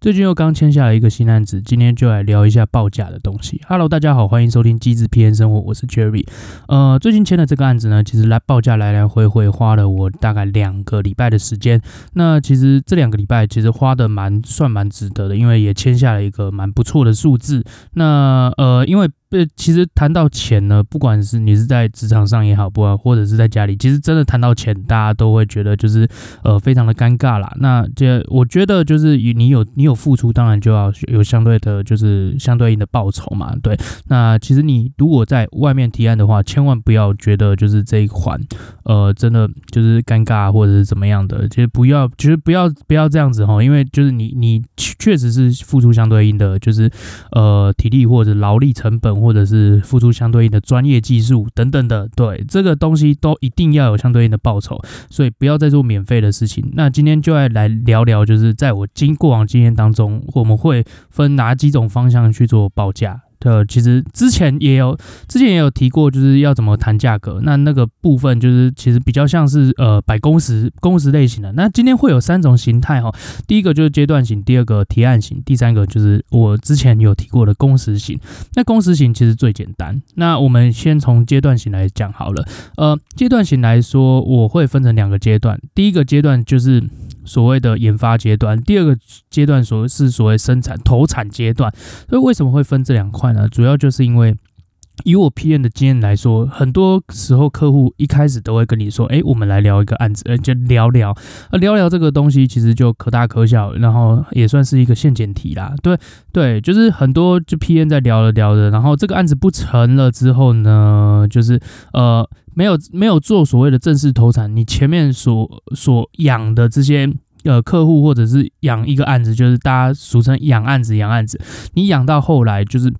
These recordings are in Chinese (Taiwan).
最近又剛簽下了一個新案子，今天就來聊一下報價的東西。Hello，大家好，歡迎收聽機智 PM 生活，我是 Jerry。呃，最近簽的這個案子呢，其實來報價來來回回花了我大概兩個禮拜的時間。那其實這兩個禮拜其實花的蠻算蠻值得的，因為也簽下了一個蠻不錯的數字。那呃，因為對，其實談到錢呢，不管是你是在職場上也好，不管或者是在家裡，其實真的談到錢，大家都會覺得就是呃非常的尷尬啦，那這我覺得就是你有你有付出，當然就要有相對的，就是相對應的報酬嘛。對，那其實你如果在外面提案的話，千萬不要覺得就是這一環，呃，真的就是尷尬或者是怎麼樣的，其實不要，其實不要不要這樣子哈，因為就是你你確實是付出相對應的，就是呃體力或者勞力成本。或者是付出相對應的專業技術等等的。對，這個東西都一定要有相對應的報酬，所以不要再做免費的事情。那今天就要來聊聊，就是在我經過往經驗當中，我們會分哪幾種方向去做報價。呃，其實之前也有，之前也有提過，就是要怎麼談價格。那那個部分就是其實比較像是呃，百工時、工時類型的。那今天會有三種形態哈，第一個就是階段型，第二個提案型，第三個就是我之前有提過的工時型。那工時型其實最簡單。那我們先從階段型來講好了。呃，階段型來說，我會分成兩個階段，第一個階段就是。所謂的研發階段，第二個階段所謂是所謂生產投產階段，所以為什麼會分這兩塊呢？主要就是因為。以我 PN 的經驗來說，很多時候客戶一開始都會跟你說：“誒、欸，我們來聊一個案子，而、欸、且聊聊，啊聊聊這個東西，其實就可大可小，然後也算是一個陷阱題啦，對對，就是很多就 PN 在聊着聊着，然後這個案子不成了之後呢，就是呃沒有沒有做所謂的正式投產，你前面所所養的這些呃客戶或者是養一個案子，就是大家俗稱養案子養案子，你養到後來就是。”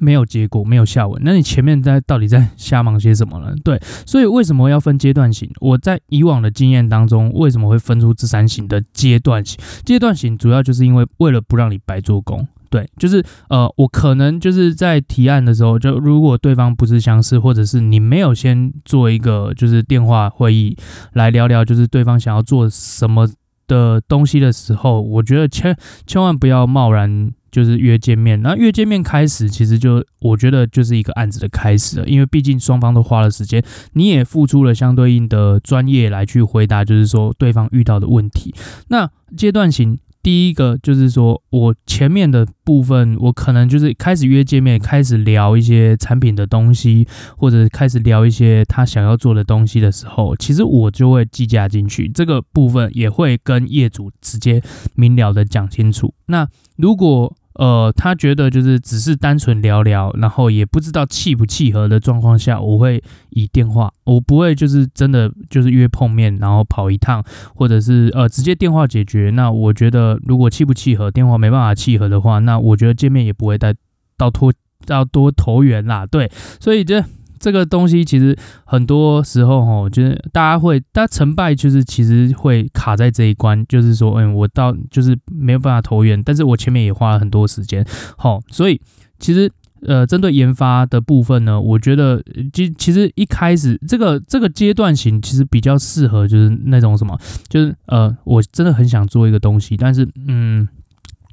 沒有結果，沒有下文，那你前面在到底在瞎忙些什麼呢？對，所以為什麼要分階段性？我在以往的經驗當中，為什麼會分出這三型的階段性？階段性主要就是因為為了不讓你白做工，對，就是呃，我可能就是在提案的時候，就如果對方不是相似，或者是你沒有先做一個就是電話會議來聊聊，就是對方想要做什麼的東西的時候，我覺得千千萬不要貿然。就是約見面，那約見面開始，其實就我覺得就是一個案子的開始了，因為畢竟雙方都花了時間，你也付出了相對應的專業來去回答，就是說對方遇到的問題。那階段性。第一個就是說，我前面的部分，我可能就是開始約見面，開始聊一些產品的東西，或者開始聊一些他想要做的東西的時候，其實我就會計價進去，這個部分也會跟業主直接明了的講清楚。那如果呃，他覺得就是只是單純聊聊，然後也不知道契不契合的狀況下，我會以電話，我不會就是真的就是約碰面，然後跑一趟，或者是呃直接電話解決。那我覺得如果契不契合，電話沒辦法契合的話，那我覺得見面也不會帶到拖到多投緣啦。對，所以這。這個東西其實很多時候哈，就是大家會，大成敗就是其實會卡在這一關，就是說，嗯，我到就是沒有辦法投錢，但是我前面也花了很多時間，好，哦，所以其實呃，針對研發的部分呢，我覺得，其其實一開始這個這個階段性其實比較適合，就是那種什麼，就是呃，我真的很想做一個東西，但是嗯，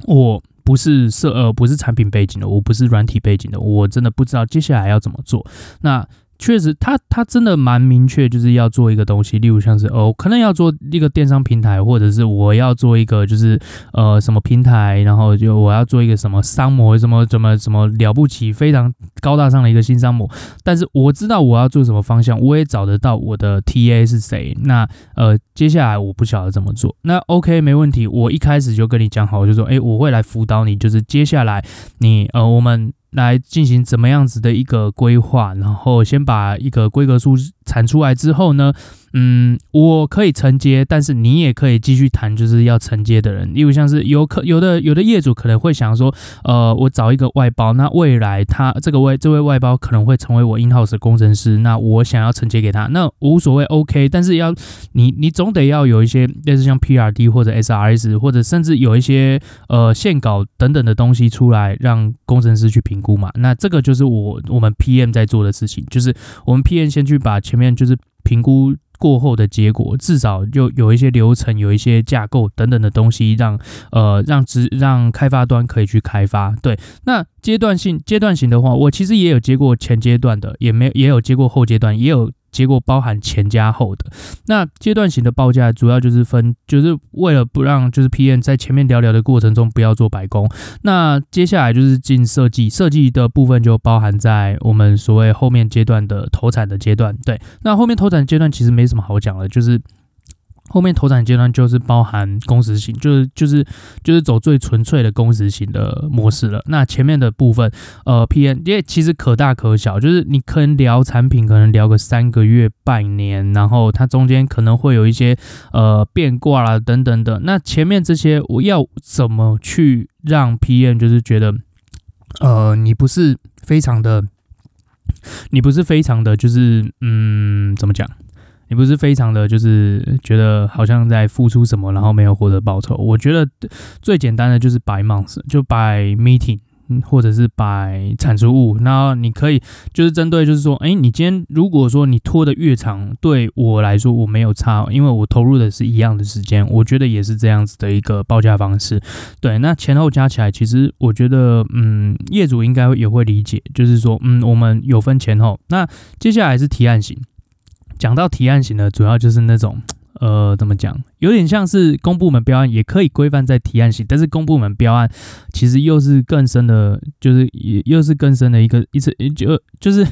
我。不是設呃，不是產品背景的，我不是軟體背景的，我真的不知道接下來要怎麼做。那。確實，他他真的蠻明確，就是要做一個東西，例如像是哦，呃、可能要做一個電商平台，或者是我要做一個就是呃什麼平台，然後就我要做一個什麼商模，什麼什麼什麼了不起，非常高大上的一個新商模。但是我知道我要做什麼方向，我也找得到我的 TA 是誰。那呃，接下來我不曉得怎麼做。那 OK，沒問題，我一開始就跟你講好，就說誒、欸、我會來輔導你，就是接下來你呃我們。來進行怎麼樣子的一個規劃，然後先把一個規格書產出來之後呢。嗯，我可以承接，但是你也可以繼續談，就是要承接的人，例如像是有可有的有的業主可能會想說，呃，我找一個外包，那未來他這個外這位外包可能會成為我 in house 的工程師，那我想要承接給他，那無所謂 OK，但是要你你總得要有一些類似像 PRD 或者 SRS 或者甚至有一些呃線稿等等的東西出來，讓工程師去評估嘛，那這個就是我我們 PM 在做的事情，就是我們 PM 先去把前面就是評估。過後的結果，至少就有一些流程、有一些架構等等的東西讓、呃，讓呃讓直讓開發端可以去開發。對，那階段性階段型的話，我其實也有接過前階段的，也沒也有接過後階段，也有。結果包含前加後的那階段型的報價，主要就是分，就是為了不讓就是 PM 在前面聊聊的過程中不要做白工。那接下來就是進設計，設計的部分就包含在我們所謂後面階段的投產的階段。對，那後面投產階段其實沒什麼好講的，就是。後面投產階段就是包含工時型，就是就是就是走最純粹的工時型的模式了。那前面的部分，呃 PM 因為其實可大可小，就是你可能聊產品，可能聊個三個月半年，然後它中間可能會有一些呃變卦啦等等的。那前面這些，我要怎麼去讓 PM 就是覺得，呃，你不是非常的，你不是非常的就是嗯，怎麼講？你不是非常的就是覺得好像在付出什麼，然後沒有獲得報酬。我覺得最簡單的就是 by month，就 by meeting，或者是 by 產出物。然後你可以就是針對就是說，誒、欸，你今天如果說你拖得越長，對我來說我沒有差，因為我投入的是一樣的時間。我覺得也是這樣子的一個報價方式。對，那前後加起來，其實我覺得，嗯，業主應該也會理解，就是說，嗯，我們有分前後。那接下來是提案型。講到提案型呢，主要就是那種，呃，怎麼講，有點像是公部門標案，也可以規範在提案型，但是公部門標案其實又是更深的，就是也又是更深的一個一次，就、呃、就是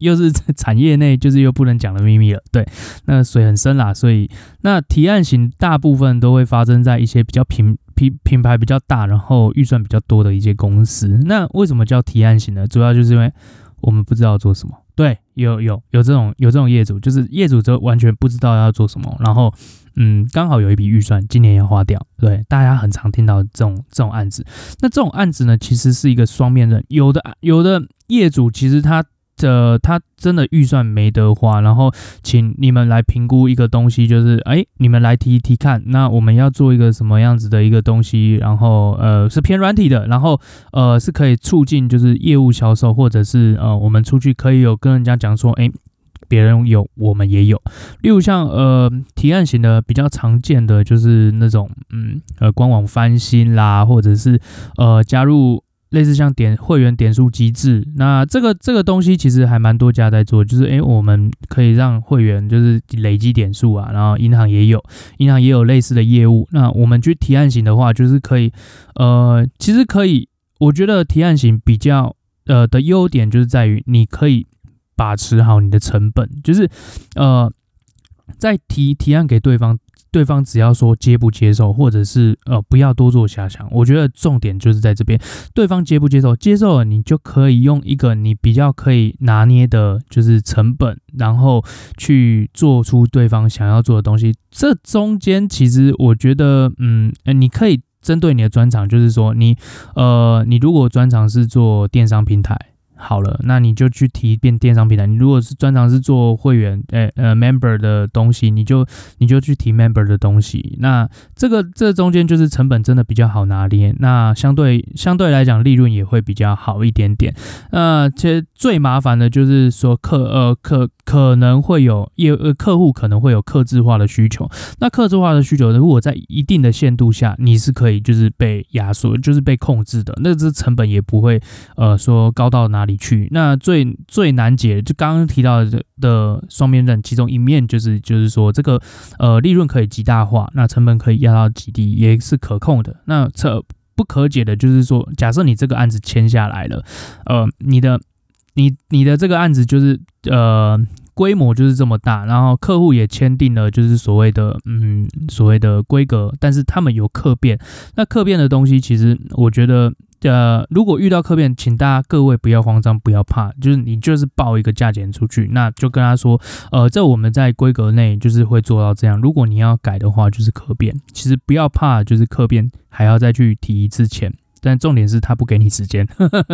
又是在產業內就是又不能講的秘密了，對，那水很深啦，所以那提案型大部分都會發生在一些比較品品品牌比較大，然後預算比較多的一些公司。那為什麼叫提案型呢？主要就是因為我們不知道做什麼。對，有有有這種有這種業主，就是業主就完全不知道要做什麼，然後嗯，剛好有一筆預算，今年要花掉，對，大家很常聽到這種這種案子。那這種案子呢，其實是一個雙面刃，有的有的業主其實他。呃，他真的預算沒得花，然後請你們來評估一個東西，就是哎，你們來提一提看，那我們要做一個什麼樣子的一個東西，然後呃是偏軟體的，然後呃是可以促進就是業務銷售或者是呃我們出去可以有跟人家講說，哎，別人有我們也有，例如像呃提案型的比較常見的就是那種嗯呃官網翻新啦，或者是呃加入。類似像點會員點數機制，那這個這個東西其實還蠻多家在做，就是誒、欸、我們可以讓會員就是累積點數啊，然後銀行也有，銀行也有類似的業務。那我們去提案型的話，就是可以，呃，其實可以，我覺得提案型比較呃的優點就是在於你可以把持好你的成本，就是呃，在提提案給對方。對方只要說接不接受，或者是呃，不要多做遐想。我覺得重點就是在這邊，對方接不接受，接受了你就可以用一個你比較可以拿捏的，就是成本，然後去做出對方想要做的東西。這中間其實我覺得，嗯，你可以針對你的專長，就是說你，呃，你如果專長是做電商平台。好了，那你就去提變電商平台。你如果是專長是做會員，欸、呃，呃，member 的東西，你就你就去提 member 的東西。那這個這個、中間就是成本真的比較好拿捏，那相對相對來講利潤也會比較好一點點。那、呃、其實最麻煩的就是說客呃客。可能會有業呃客戶可能會有客製化的需求，那客製化的需求，如果在一定的限度下，你是可以就是被壓縮，就是被控制的，那這成本也不會呃說高到哪裡去。那最最難解就剛剛提到的的雙面刃，其中一面就是就是說這個呃利潤可以極大化，那成本可以壓到極低，也是可控的。那這不可解的就是說，假設你這個案子簽下來了，呃，你的。你你的這個案子就是呃規模就是這麼大，然後客戶也簽訂了就是所謂的嗯所謂的規格，但是他們有客變。那客變的東西，其實我覺得呃如果遇到客變，請大家各位不要慌張，不要怕，就是你就是報一個價錢出去，那就跟他說呃這我們在規格內就是會做到這樣。如果你要改的話，就是客變。其實不要怕，就是客變還要再去提一次錢，但重點是他不給你時間，呵呵，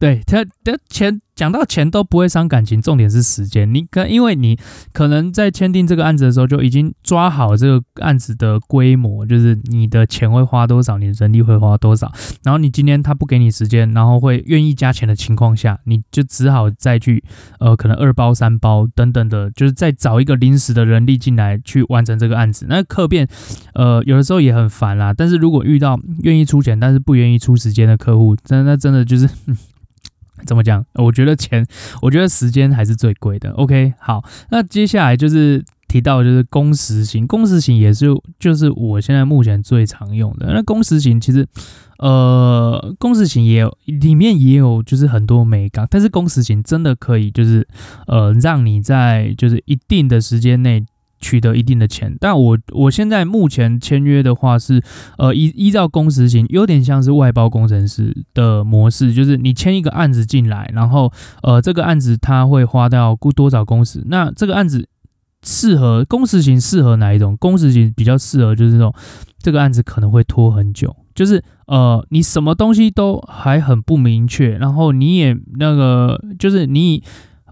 對，他的錢。講到錢都不會傷感情，重點是時間。你可因為你可能在簽訂這個案子的時候就已經抓好這個案子的規模，就是你的錢會花多少，你的人力會花多少。然後你今天他不給你時間，然後會願意加錢的情況下，你就只好再去呃可能二包三包等等的，就是再找一個臨時的人力進來去完成這個案子。那客變呃有的時候也很煩啦，但是如果遇到願意出錢但是不願意出時間的客戶，真那，那真的就是。怎麼講？我覺得錢，我覺得時間還是最貴的。OK，好，那接下來就是提到的就是工時型，工時型也是就是我現在目前最常用的。那工時型其實，呃，工時型也有裡面也有就是很多眉角，但是工時型真的可以就是呃讓你在就是一定的時間內。取得一定的錢，但我我現在目前簽約的話是，呃依依照工時型，有點像是外包工程師的模式，就是你簽一個案子進來，然後呃這個案子它會花掉多少工時，那這個案子適合工時型適合哪一種？工時型比較適合就是這種，這個案子可能會拖很久，就是呃你什麼東西都還很不明確，然後你也那個就是你。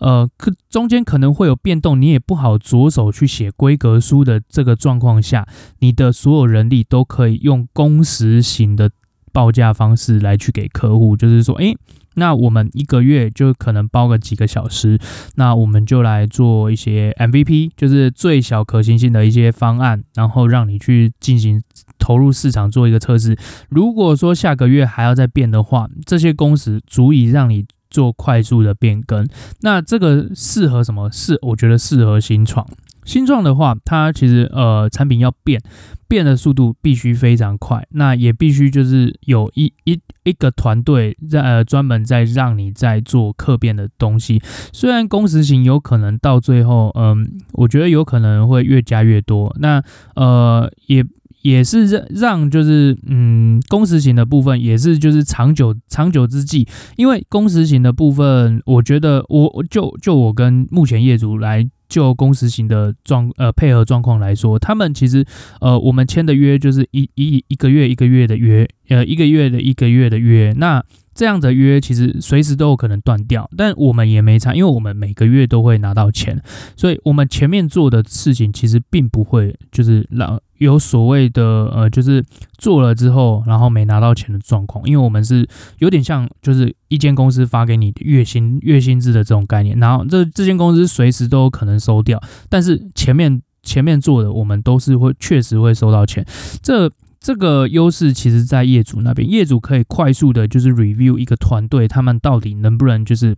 呃，可中間可能會有變動，你也不好着手去寫規格書的這個狀況下，你的所有人力都可以用工時型的報價方式來去給客戶，就是說，欸，那我們一個月就可能包個幾個小時，那我們就來做一些 MVP，就是最小可行性的一些方案，然後讓你去進行投入市場做一個測試。如果說下個月還要再變的話，這些工時足以讓你。做快速的變更，那這個適合什麼？適，我覺得適合新創。新創的話，它其實呃，產品要變，變的速度必須非常快，那也必須就是有一一一個團隊在呃專門在讓你在做客變的東西。雖然工時型有可能到最後，嗯、呃，我覺得有可能會越加越多。那呃也。也是讓就是嗯，工時型的部分也是就是長久長久之計，因為工時型的部分，我覺得我就就我跟目前業主來就工時型的狀呃配合狀況來說，他們其實呃我們簽的約就是一一一個月一個月的約呃一個月的一個月的約，那這樣的約其實隨時都有可能斷掉，但我們也沒差，因為我們每個月都會拿到錢，所以我們前面做的事情其實並不會就是讓。有所謂的呃，就是做了之後，然後沒拿到錢的狀況，因為我們是有點像，就是一間公司發給你月薪、月薪制的這種概念，然後這這間公司隨時都有可能收掉，但是前面前面做的，我們都是會確實會收到錢。這這個優勢其實，在業主那邊，業主可以快速的，就是 review 一個團隊，他們到底能不能就是。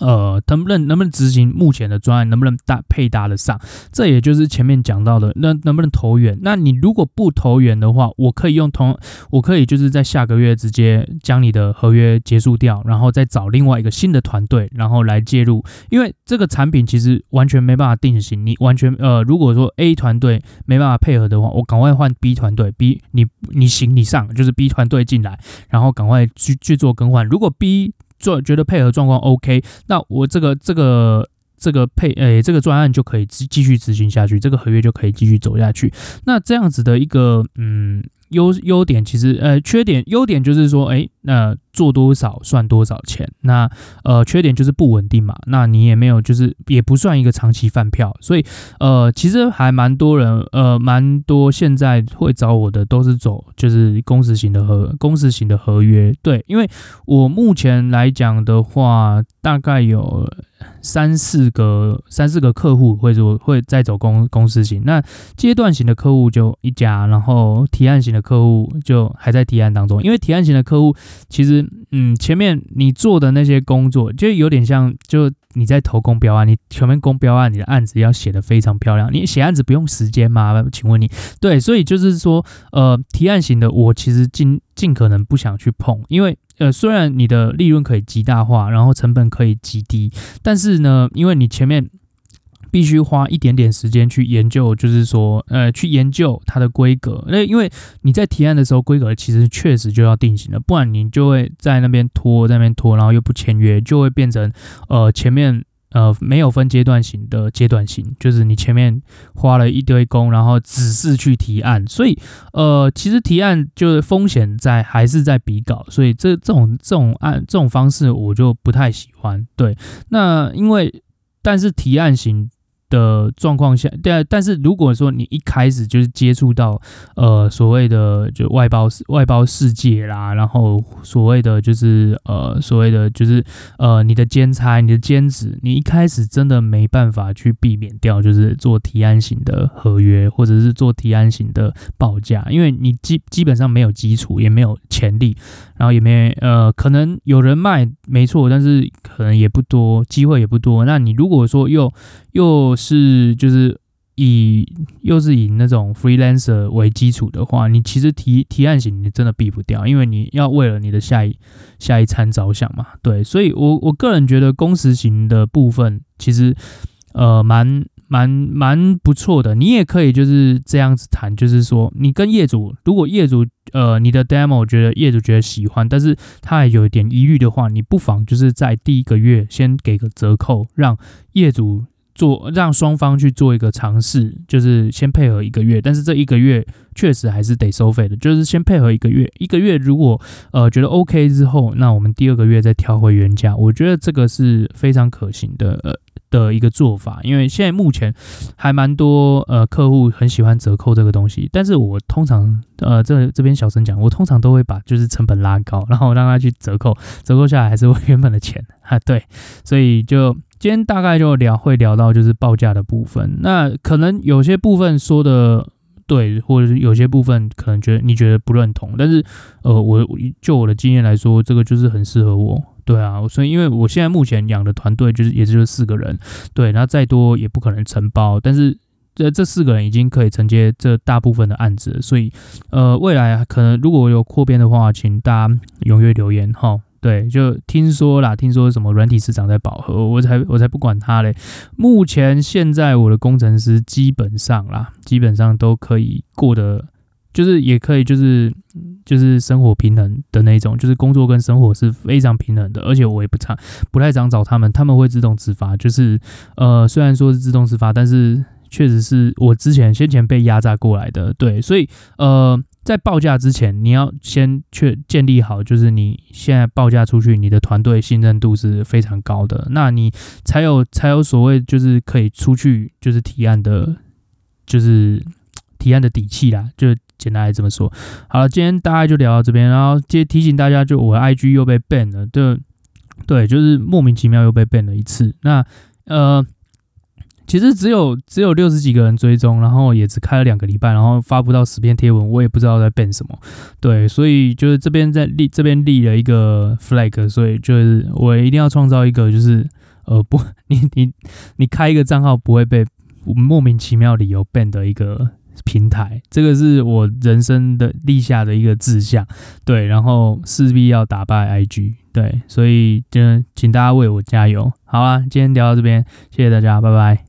呃，能能能不能執行目前的專案，能不能搭配搭得上？這也就是前面講到的，那能不能投緣？那你如果不投緣的話，我可以用同，我可以就是在下個月直接將你的合約結束掉，然後再找另外一個新的團隊，然後來介入。因為這個產品其實完全沒辦法定型，你完全呃，如果說 A 團隊沒辦法配合的話，我趕快換 B 團隊，B 你你行你上，就是 B 團隊進來，然後趕快去去做更換。如果 B 做覺得配合狀況 OK，那我這個這個這個配誒、欸、這個專案就可以繼繼續執行下去，這個合約就可以繼續走下去。那這樣子的一個嗯。優優點其實呃缺點優點就是說哎，那、欸呃、做多少算多少錢。那呃缺點就是不穩定嘛，那你也沒有就是也不算一個長期飯票，所以呃其實還蠻多人呃蠻多現在會找我的都是走就是公司型的合公司型的合約。對，因為我目前來講的話大概有。三四個、三四個客戶會做，會再走公公司型。那階段型的客戶就一家，然後提案型的客戶就還在提案當中。因為提案型的客戶，其實嗯，前面你做的那些工作就有點像就。你在投公標案，你前面公標案，你的案子要寫得非常漂亮。你寫案子不用時間嗎？請問你。對，所以就是說，呃，提案型的我其實盡盡可能不想去碰，因為呃，雖然你的利潤可以極大化，然後成本可以極低，但是呢，因為你前面。必須花一點點時間去研究，就是說，呃，去研究它的規格。那因為你在提案的時候，規格其實確實就要定型了，不然你就會在那邊拖，在那邊拖，然後又不簽約，就會變成，呃，前面呃沒有分階段型的階段性，就是你前面花了一堆工，然後只是去提案。所以，呃，其實提案就是風險在，還是在比稿，所以這這種這種按這種方式我就不太喜歡。對，那因為但是提案型。的狀況下，但但是如果說你一開始就是接觸到呃所謂的就外包世外包世界啦，然後所謂的就是呃所謂的就是呃你的兼差、你的兼職，你一開始真的沒辦法去避免掉，就是做提案型的合約或者是做提案型的報價，因為你基基本上沒有基礎也沒有潛力，然後也沒呃可能有人脈沒錯，但是可能也不多，機會也不多。那你如果說又又是，就是以又是以那種 freelancer 為基礎的話，你其實提提案型你真的避不掉，因為你要為了你的下一下一餐着想嘛。對，所以我我個人覺得工時型的部分其實呃蠻蠻蠻不錯的。你也可以就是這樣子談，就是說你跟業主，如果業主呃你的 demo，我覺得業主覺得喜歡，但是他還有一點疑慮的話，你不妨就是在第一個月先給個折扣，讓業主。做讓雙方去做一個嘗試，就是先配合一個月，但是這一個月確實還是得收費的，就是先配合一個月，一個月如果呃覺得 OK 之後，那我們第二個月再調回原價。我覺得這個是非常可行的、呃、的一個做法，因為現在目前還蠻多呃客戶很喜歡折扣這個東西，但是我通常呃，這這邊小聲講，我通常都會把就是成本拉高，然後讓他去折扣，折扣下來還是我原本的錢啊，對，所以就。今天大概就聊，會聊到就是報價的部分。那可能有些部分說的對，或者是有些部分可能覺得你覺得不認同，但是，呃，我就我的經驗來說，這個就是很適合我。對啊，所以因為我現在目前養的團隊就是也就四個人，對，那再多也不可能承包，但是這這四個人已經可以承接這大部分的案子了，所以，呃，未來可能如果有擴編的話，請大家踴躍留言哈。對，就聽說啦，聽說什麼軟體市場在飽和，我才我才不管它嘞。目前現在我的工程師基本上啦，基本上都可以過得，就是也可以，就是就是生活平衡的那種，就是工作跟生活是非常平衡的。而且我也不常不太常找他們，他們會自動自發。就是呃，雖然說是自動自發，但是確實是我之前先前被壓榨過來的。對，所以呃。在報價之前，你要先確建立好，就是你現在報價出去，你的團隊信任度是非常高的，那你才有才有所謂就是可以出去就是提案的，就是提案的底氣啦，就簡單來這麼說。好了，今天大概就聊到這邊，然後接提醒大家，就我的 IG 又被 ban 了，對對，就是莫名其妙又被 ban 了一次。那呃。其實只有只有六十幾個人追蹤，然後也只開了兩個禮拜，然後發不到十篇貼文，我也不知道在 ban 什麼。對，所以就是這邊在立這邊立了一個 flag，所以就是我一定要創造一個就是呃不你你你開一個賬號不會被莫名其妙理由 ban 的一個平台，這個是我人生的立下的一個志向。對，然後勢必要打敗 IG。對，所以就請大家為我加油。好啊，今天聊到這邊，謝謝大家，拜拜。